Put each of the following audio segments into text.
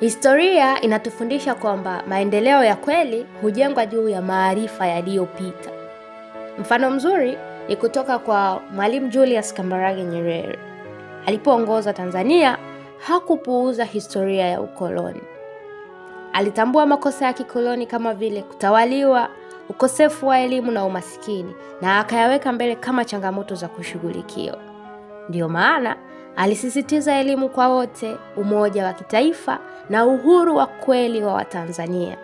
Historia inatufundisha kwamba maendeleo ya kweli hujengwa juu ya maarifa yaliyopita. Mfano mzuri ni kutoka kwa Mwalimu Julius Kambarage Nyerere. Alipoongoza Tanzania, hakupuuza historia ya ukoloni. Alitambua makosa ya kikoloni kama vile kutawaliwa, ukosefu wa elimu na umasikini na akayaweka mbele kama changamoto za kushughulikiwa. Ndiyo maana alisisitiza elimu kwa wote, umoja wa kitaifa na uhuru wa kweli wa Watanzania.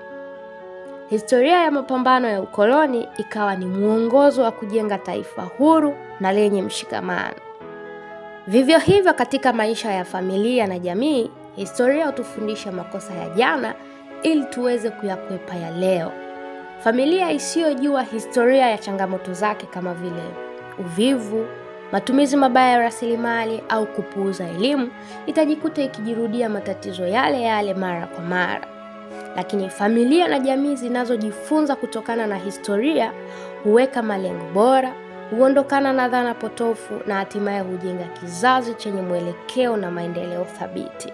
Historia ya mapambano ya ukoloni ikawa ni mwongozo wa kujenga taifa huru na lenye mshikamano. Vivyo hivyo katika maisha ya familia na jamii, historia hutufundisha makosa ya jana ili tuweze kuyakwepa ya leo. Familia isiyojua historia ya changamoto zake kama vile uvivu Matumizi mabaya ya rasilimali au kupuuza elimu itajikuta ikijirudia matatizo yale yale mara kwa mara. Lakini familia na jamii zinazojifunza kutokana na historia huweka malengo bora, huondokana na dhana potofu na hatimaye hujenga kizazi chenye mwelekeo na maendeleo thabiti.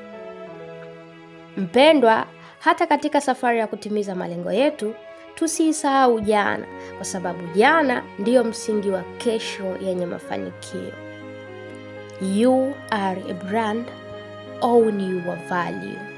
Mpendwa, hata katika safari ya kutimiza malengo yetu tusiisahau jana, kwa sababu jana ndiyo msingi wa kesho yenye mafanikio. You are a brand, own your value.